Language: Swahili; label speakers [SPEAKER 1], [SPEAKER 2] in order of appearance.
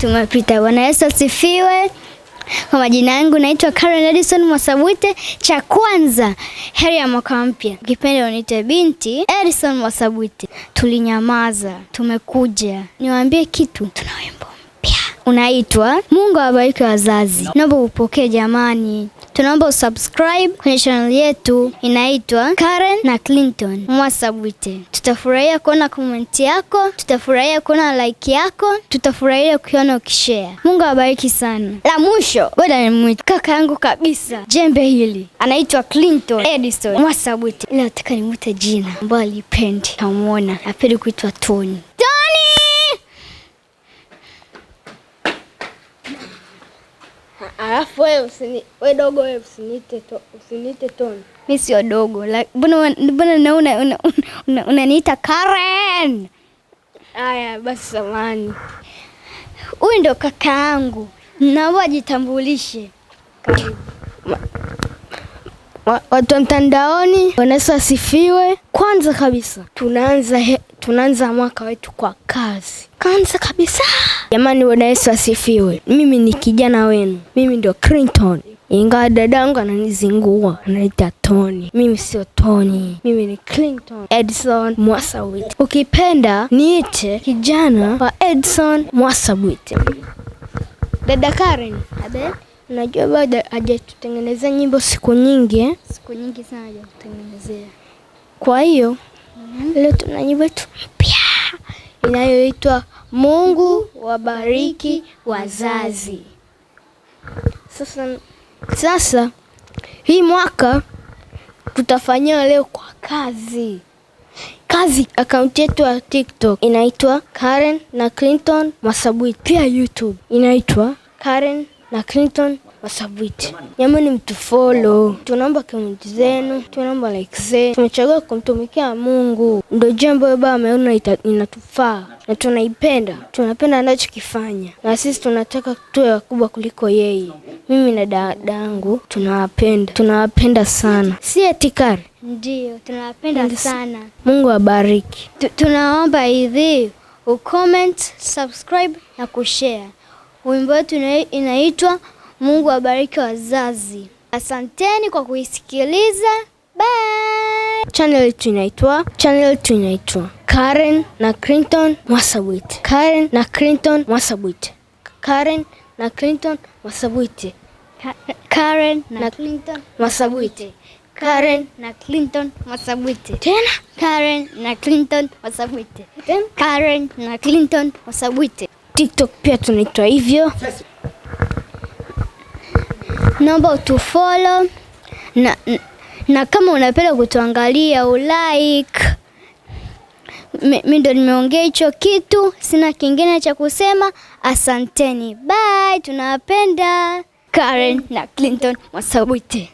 [SPEAKER 1] tumepita. Bwana Yesu asifiwe. Kwa majina yangu naitwa Karen Edison Mwasabute. Cha kwanza, heri ya mwaka mpya, Kipende uniite binti Edison Mwasabute. Tulinyamaza, tumekuja. Niwaambie kitu, tuna wimbo unaitwa Mungu awabariki wazazi. Naomba upokee jamani. Tunaomba usubscribe kwenye channel yetu inaitwa Karen na Clinton Mwasabwite. Tutafurahia kuona comment yako, tutafurahia kuona like yako, tutafurahia kuona ukishare. Mungu awabariki sana. La mwisho boda nimwite kaka yangu kabisa jembe hili, anaitwa Clinton Edison Mwasabwite, ila nataka nimwite jina ambayo alipendi kamwona, apendi kuitwa Tony.
[SPEAKER 2] Alafu wewe usini wewe dogo wewe usiniite to, usiniite Toni.
[SPEAKER 1] Mimi sio dogo. Like mbona una unaniita una, una Karen?
[SPEAKER 2] Aya, basi samani. Huyu ndo yangu. Naomba jitambulishe.
[SPEAKER 1] Watu wa mtandaoni wanaweza wasifiwe Kwanza kabisa tunaanza tunaanza mwaka wetu kwa kazi. Kwanza kabisa Jamani, Bwana Yesu asifiwe. Mimi ni kijana wenu, mimi ndio Clinton, ingawa dadangu ananizingua anaita Tony. Mimi sio Tony, mimi ni Clinton Edson Mwasabwit. Ukipenda niite kijana wa Edson Mwasabwit. Dada Karen, abe, unajua bado hajatutengenezea nyimbo siku nyingi eh?
[SPEAKER 2] Siku nyingi sana hajatutengenezea,
[SPEAKER 1] kwa hiyo mm -hmm. Leo tuna nyimbo yetu mpya inayoitwa Mungu wabariki wazazi. Sasa, sasa hii mwaka tutafanyia leo kwa kazi kazi. Akaunti yetu ya TikTok inaitwa Karen na Clinton Masabwiti, pia YouTube inaitwa Karen na Clinton wasubmit. mtu mtufollow, tunaomba comment zenu, tunaomba like zenu. Tumechagua kumtumikia Mungu, ndio jambo Baba ameona inatufaa na tunaipenda, tunapenda anachokifanya, na sisi tunataka tuwe wakubwa kuliko yeye. Mimi na dadangu tunawapenda, tunawapenda sana, si atikari
[SPEAKER 2] ndio tunawapenda sana.
[SPEAKER 1] Mungu abariki. Tunaomba hivi ucomment, subscribe na kushare. Wimbo wetu inaitwa Mungu awabariki wazazi. Asanteni kwa kuisikiliza. Bye. Channel yetu inaitwa channel yetu inaitwa Karen na Clinton Mwasabwite, Karen na Clinton Mwasabwite, Karen na Clinton Mwasabwite, Karen na Clinton Mwasabwite, Karen na Clinton Mwasabwite, tena Karen na Clinton Mwasabwite, tena Karen na Clinton Mwasabwite. TikTok pia tunaitwa hivyo naomba utufollow na, na kama unapenda kutuangalia ulike. Mimi ndo nimeongea hicho kitu, sina kingine cha kusema. Asanteni, bye, tunawapenda. Karen na Clinton mwasabuti